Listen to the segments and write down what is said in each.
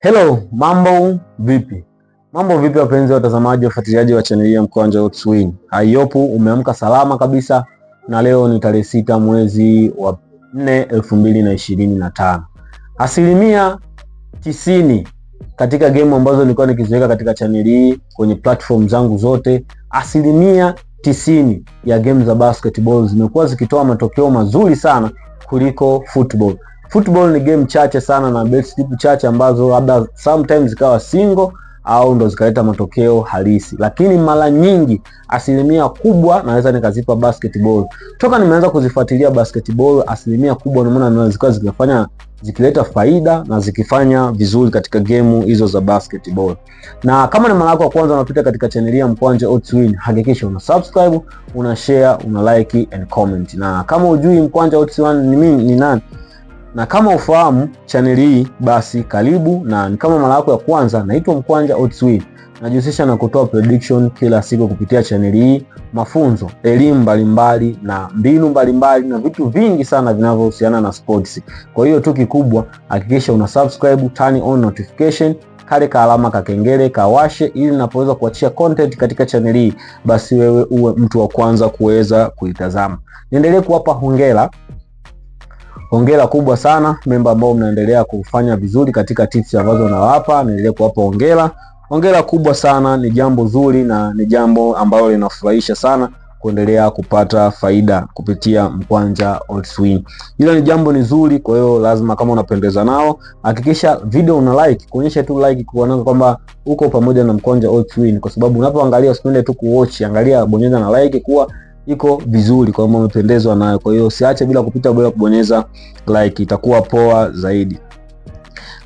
Hello, mambo vipi? Mambo vipi wapenzi watazamaji, wafuatiliaji wa chaneli ya Mkwanja Outswing. Haiopo umeamka salama kabisa, na leo ni tarehe sita mwezi wa 4 2025. Asilimia tisini katika game ambazo nilikuwa nikiziweka katika chaneli hii kwenye platform zangu zote, asilimia tisini ya game za basketball zimekuwa zikitoa matokeo mazuri sana kuliko football. Football ni game chache sana na bets tipu chache ambazo labda sometimes zikawa single au ndo zikaleta matokeo halisi, lakini mara nyingi asilimia kubwa naweza nikazipa basketball. Toka nimeanza kuzifuatilia basketball, asilimia kubwa na maana naweza zikawa zikifanya zikileta faida na zikifanya vizuri katika gemu hizo za basketball. Na kama ni mara yako ya kwanza unapita katika chaneli ya Mkwanja Odds Win, hakikisha una subscribe, una share, una like and comment. Na kama hujui Mkwanja Odds Win ni nini, ni nani na kama ufahamu chaneli hii basi karibu, na ni kama mara yako ya kwanza, naitwa Mkwanja Otswi. najihusisha na kutoa prediction kila siku kupitia chaneli hii, mafunzo, elimu mbalimbali na mbinu mbalimbali na vitu vingi sana vinavyohusiana na sports. Kwa hiyo tu kikubwa hakikisha una subscribe, turn on notification kale ka alama ka kengele kawashe, ili napoweza kuachia content katika channel hii, basi wewe uwe mtu wa kwanza kuweza kuitazama. Niendelee kuwapa hongera hongera kubwa sana memba ambao mnaendelea kufanya vizuri katika tips ambazo nawapa, naendelea kuwapa hongera. Hongera kubwa sana, ni jambo zuri na ni jambo ambalo linafurahisha sana kuendelea kupata faida kupitia Mkwanja Swing. Hilo ni jambo ni zuri, kwa hiyo lazima kama unapendeza nao hakikisha video una like, kuonyesha tu like kuona kwamba uko pamoja na Mkwanja Swing, kwa sababu unapoangalia usipende tu kuwatch, angalia, bonyeza na like kuwa iko vizuri, kwamba umependezwa nayo. Kwa hiyo usiache bila kupita bila kubonyeza like, itakuwa poa zaidi.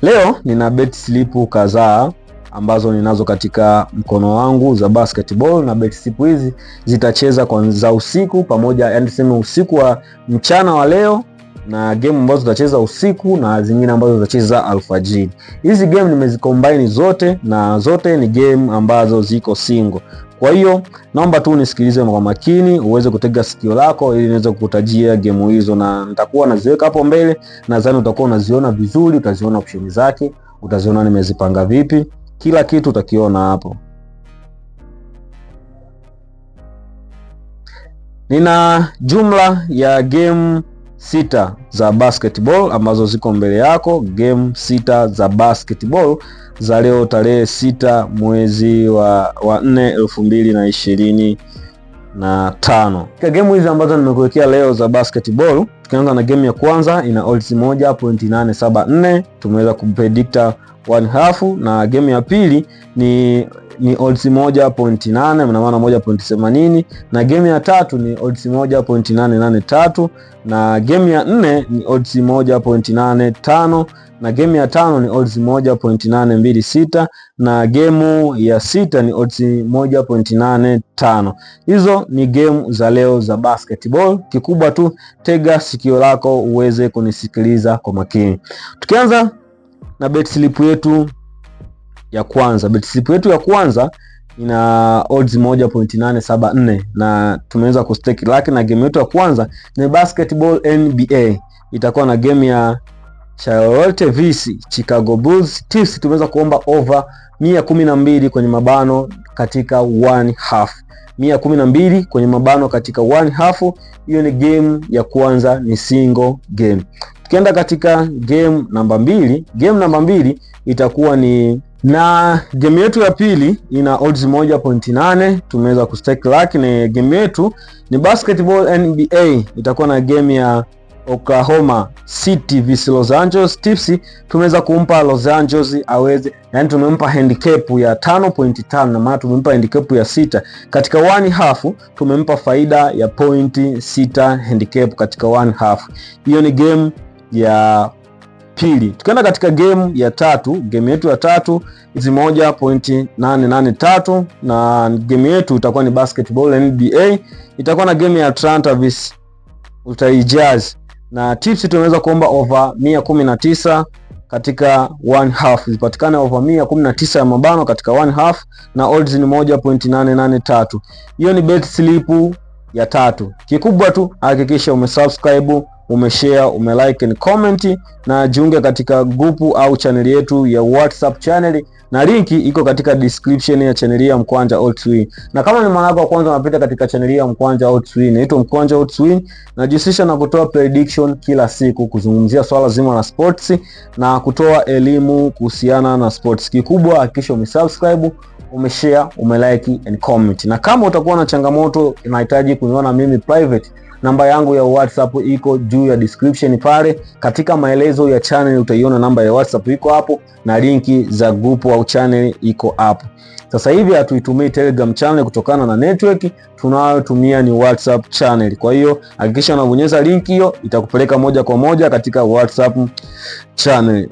Leo nina bet slip kadhaa ambazo ninazo katika mkono wangu za basketball na bet slip hizi zitacheza kwanza usiku pamoja, yani tuseme usiku wa mchana wa leo na game ambazo zitacheza usiku na zingine ambazo zitacheza alfajiri. Hizi game nimezicombine zote na zote ni game ambazo ziko single. Kwa hiyo naomba tu unisikilize kwa makini, uweze kutega sikio lako ili niweze kukutajia gemu hizo, na nitakuwa naziweka hapo mbele. Nadhani utakuwa unaziona vizuri, utaziona option zake, utaziona nimezipanga vipi, kila kitu utakiona hapo. Nina jumla ya game sita za basketball ambazo ziko mbele yako, game sita za basketball za leo tarehe sita mwezi wa, wa nne elfu mbili na ishirini na tano. Kwa gemu hizi ambazo nimekuwekea leo za basketball, tukianza na gemu ya kwanza ina odds moja pointi nane saba nne tumeweza kumpredikta one half, na gemu ya pili ni ni odds 1.8 pointi na maana 1.80 na game ya tatu ni odds 1.883 na game ya nne ni odds 1.85 na game ya tano ni odds 1.826 na gemu ya sita ni odds 1.85. Hizo ni gemu za leo za basketball. Kikubwa tu tega sikio lako uweze kunisikiliza kwa makini, tukianza na bet slip yetu ya kwanza. Bet slip yetu ya kwanza ina odds 1.874 na tumeweza kustake laki, na game yetu ya kwanza ni basketball NBA, itakuwa na game ya Charlotte vs Chicago Bulls. Tips tumeweza kuomba over 112 kwenye mabano katika one half, 112 kwenye mabano katika one half. Hiyo ni game ya kwanza, ni single game. Tukienda katika game namba mbili, game namba mbili itakuwa ni na game yetu ya pili ina odds 1.8 tumeweza kustake luck. Na game yetu ni basketball NBA, itakuwa na game ya Oklahoma City vs Los Angeles. Tips tumeweza kumpa Los Angeles aweze, yani tumempa handicap ya 5.5 na maana tumempa handicap ya sita katika one half, tumempa faida ya point sita handicap katika one half. Hiyo ni game ya pili. Tukienda katika game ya tatu, game yetu ya tatu hizi moja pointi nane nane tatu, na game yetu itakuwa ni basketball NBA, itakuwa na game ya Atlanta vs Utah Jazz, na tips tumeweza kuomba over 119 katika one half zipatikane over 119 ya mabano katika one half, na odds ni 1.883. Hiyo ni bet slip ya tatu. Kikubwa tu hakikisha umesubscribe umeshare, umelike and comment, na jiunge katika grupu au chaneli yetu ya WhatsApp channel, na linki iko katika description ya chaneli ya Mkwanja Otwin. Na kama ni mara yako ya kwanza unapita katika chaneli ya Mkwanja Otwin, naitwa Mkwanja Otwin, najihusisha na kutoa prediction kila siku, kuzungumzia swala zima la sports na kutoa elimu kuhusiana na sports. Kikubwa hakikisha umesubscribe umeshare, umelike and comment. Na kama utakuwa na changamoto inahitaji kuniona mimi private Namba yangu ya WhatsApp iko juu ya description pale, katika maelezo ya channel utaiona namba ya WhatsApp iko hapo na linki za grupu au channel iko hapo. Sasa hivi hatuitumii Telegram channel kutokana na network, tunayotumia ni WhatsApp channel. Kwa hiyo hakikisha unabonyeza link hiyo, itakupeleka moja kwa moja katika WhatsApp channel.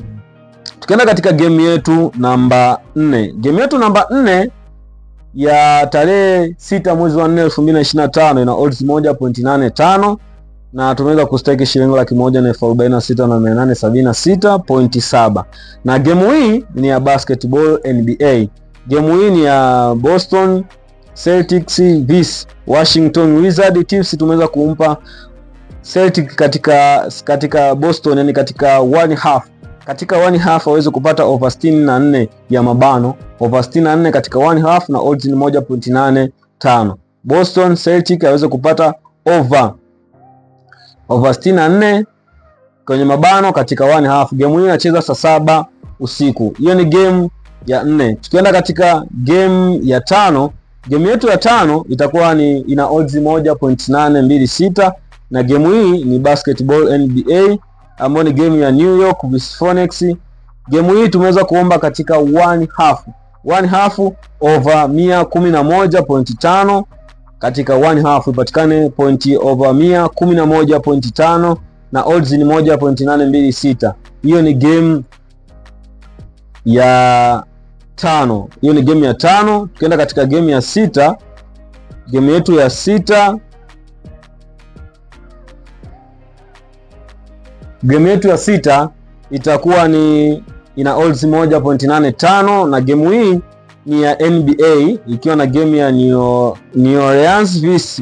Tukienda katika game yetu namba 4, game yetu namba 4 ya tarehe sita mwezi wa 4 2025 ina odds 1.85 na tumeweza kustake shilingi laki moja na elfu arobaini na sita na mia nane sabini na sita pointi saba na gemu hii ni ya basketball NBA. Gemu hii ni ya Boston Celtics vs Washington wizard Tips tumeweza kumpa Celtic katika katika Boston, yani katika one half katika one half waweze kupata over 64 ya mabano, over 64 katika one half na odds ni 1.85. Boston Celtic aweze kupata over over 64 kwenye mabano katika one half. Game hii inacheza saa saba usiku. Hiyo ni game ya nne. Tukienda katika game ya tano, game yetu ya tano itakuwa ni ina odds 1.826 na game hii ni basketball NBA ambayo ni game ya New York vs Phoenix. Game hii tumeweza kuomba katika one half. One half over 111.5 katika one half ipatikane point over 111.5 na na odds ni 1.826. Hiyo ni game ya tano, hiyo ni game ya tano. Tukienda katika game ya sita, game yetu ya sita Game yetu ya sita itakuwa ni ina odds 1.85 na game hii ni ya NBA ikiwa na game ya New Orleans vs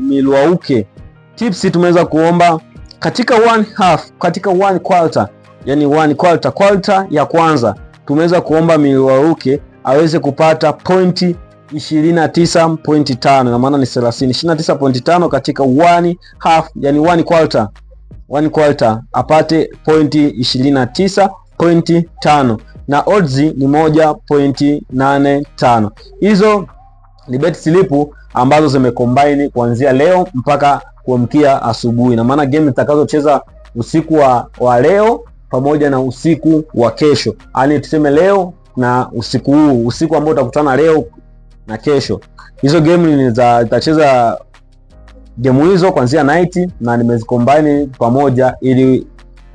Milwaukee. Tips tumeweza kuomba katika one half, katika one quarter, yani one quarter, quarter ya kwanza tumeweza kuomba Milwaukee aweze kupata pointi 29.5 na maana ni 30, 29.5 katika one half, yani one quarter one quarter apate pointi 29 pointi 5 na odds ni 1.85. Hizo ni bet slip ambazo zimecombine kuanzia leo mpaka kuamkia asubuhi, na maana game zitakazocheza usiku wa, wa leo pamoja na usiku wa kesho, yaani tuseme leo na usiku huu, usiku ambao utakutana leo na kesho, hizo game zitacheza gemu hizo kuanzia night na nimezikombaini pamoja ili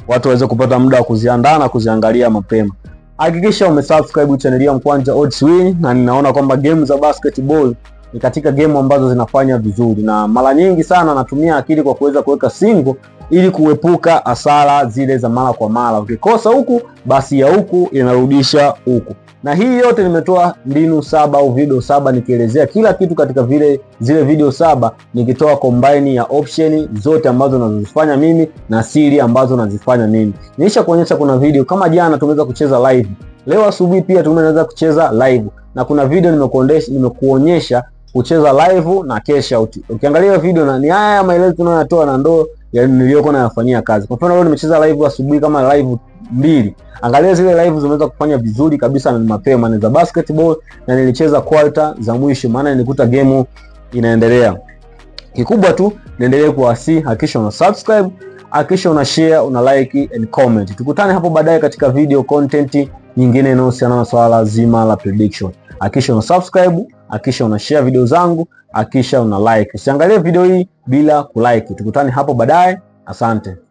watu waweze kupata muda wa kuziandaa na kuziangalia mapema. Hakikisha umesubscribe channel ya Mkwanja Odds Win, na ninaona kwamba game za basketball ni katika game ambazo zinafanya vizuri, na mara nyingi sana natumia akili kwa kuweza kuweka single ili kuepuka hasara zile za mara kwa mara. Ukikosa huku, basi ya huku inarudisha huku na hii yote nimetoa mbinu saba au video saba nikielezea kila kitu katika vile zile video saba, nikitoa kombaini ya option zote ambazo nazozifanya mimi na siri ambazo nazifanya mimi. Niisha kuonyesha kuna video kama jana tumeweza kucheza live, leo asubuhi pia tumeweza kucheza live, na kuna video nimekuonyesha kucheza live na cash out. Ukiangalia video na ni haya maelezo tunayotoa na ndoo niliyokuwa nayafanyia kazi. Kwa mfano leo nimecheza live asubuhi kama live mbili, angalia zile live zimeweza kufanya vizuri kabisa na mapema, ni za basketball na nilicheza quarter za mwisho, maana nilikuta game inaendelea. Kikubwa tu niendelee kuwasi, hakisha una subscribe, hakisha una share, una like and comment. Tukutane hapo baadaye katika video content nyingine inayohusiana na swala zima la prediction. Hakisha una subscribe akisha una share video zangu, akisha una like. Usiangalie video hii bila kulike. Tukutane hapo baadaye. Asante.